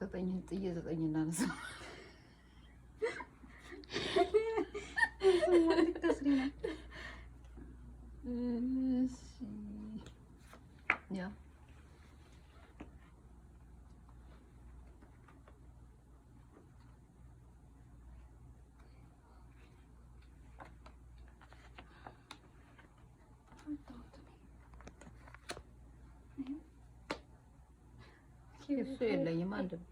ዘጠኝን ጥዬ ዘጠኝን አንሳ ያው እሱ የለኝም አንድ ነው።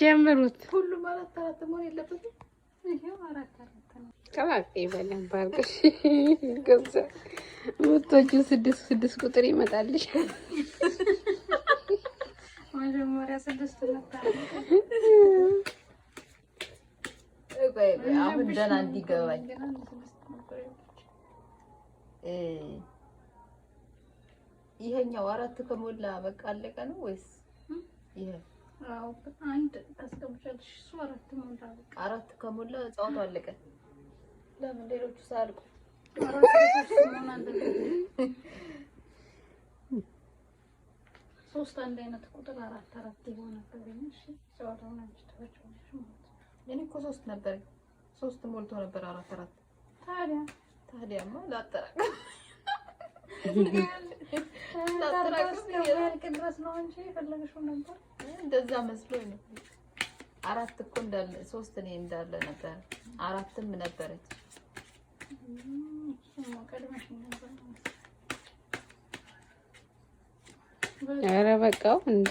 ጀምሩት። ሁሉም አራት አራት መሆን የለበትም። ስድስት ስድስት ቁጥር ይመጣልሽ። መጀመሪያ ስድስት አሁን ደህና እንዲገባኝ ይሄኛው አራት ከሞላ በቃ አለቀ ነው ወይስ ይሄ? አዎ አንድ እሱ አራት ሞላ በቃ አራት ከሞላ ጸዋቱ አለቀ። ለምን ሌሎቹ ሳልቁ ሶስት አንድ አይነት ቁጥር አራት አራት ይሆናል። ታገኘሽ ጸዋቱ ነው። እኔ እኮ ሶስት ነበር ሶስት ሞልቶ ነበር። አራት አራት ታዲያ ታዲያማ ላጠራቅም ድረስ ነው እንጂ የፈለግሽው ነበር። እንደዛ መስሎኝ ነው። አራት እኮ እንዳለ ሶስት እኔ እንዳለ ነበር። አራትም ነበረች ኧረ በቃው እንዴ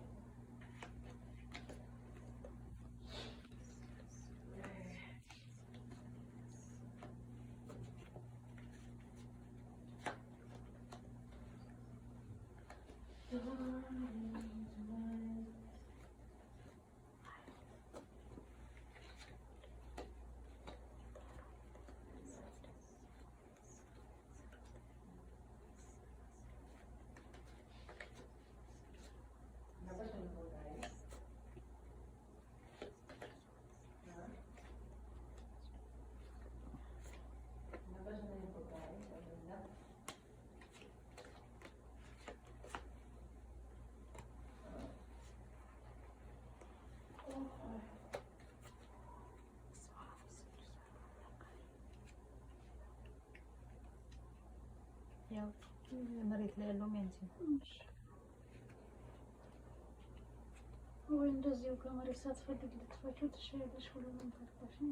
Ia, e mărit la lumenții. Așa. Voi îndrăziu că am arăsat fătă de tot făcut și aia de școlă în parcă. Așa.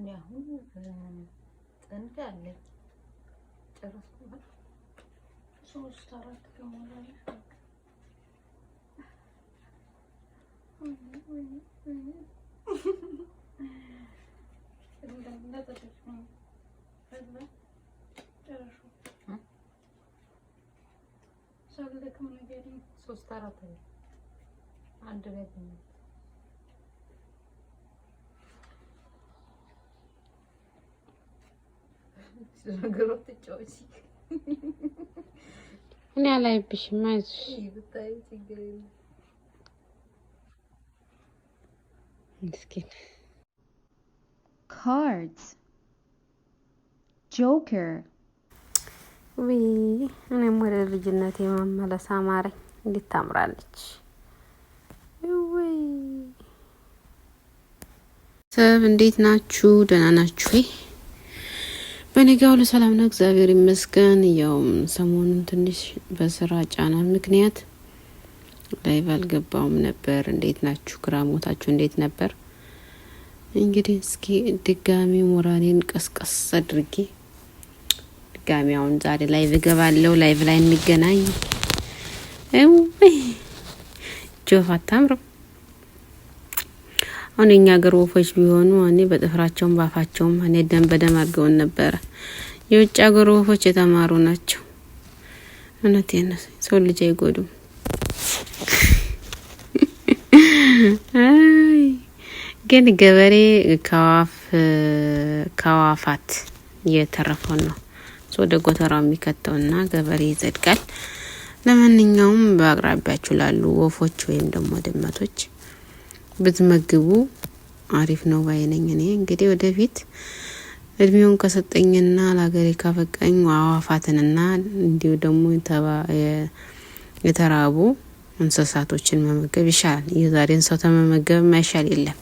እኔ አሁን ጥንድ አለኝ ጨረስኩ። ሶስት አራት ከሞላለ ሶስት አራት አንድ ላይ ነገሮች ትጫወቺ እኔ አላይብሽም። አይዞሽ ምስኪን ካርድስ ጆከር ውይ እኔም ወደ ልጅነት የመመለስ አማረኝ። እንዴት ታምራለች! ሰብ እንዴት ናችሁ? ደህና ናችሁ? በኔጋ ሁሉ ሰላም ነው፣ እግዚአብሔር ይመስገን። ያው ሰሞኑን ትንሽ በስራ ጫና ምክንያት ላይቭ አልገባውም ነበር። እንዴት ናችሁ? ግራሞታችሁ እንዴት ነበር? እንግዲህ እስኪ ድጋሚ ሞራሌን ቀስቀስ አድርጌ ድጋሚ አሁን ዛሬ ላይቭ እገባለሁ። ላይቭ ላይ እንገናኝ። ጆፋ አታምርም አሁን የኛ ሀገር ወፎች ቢሆኑ እኔ በጥፍራቸውም ባፋቸውም እኔ ደም በደም አድርገውን ነበረ። የውጭ ሀገር ወፎች የተማሩ ናቸው። እውነት ነው። ሰው ልጅ አይጎዱም። አይ ግን ገበሬ ከዋፍ ከዋፋት እየተረፈው ነው ወደ ጎተራው የሚከተውና ገበሬ ይጸድቃል። ለማንኛውም በአቅራቢያችሁ ላሉ ወፎች ወይም ደግሞ ድመቶች ብትመግቡ አሪፍ ነው ባይነኝ። እኔ እንግዲህ ወደፊት እድሜውን ከሰጠኝና ለሀገሬ ካፈቃኝ አዋፋትንና እንዲሁ ደግሞ የተራቡ እንስሳቶችን መመገብ ይሻላል። የዛሬን ሰው ተመመገብ ማይሻል የለም።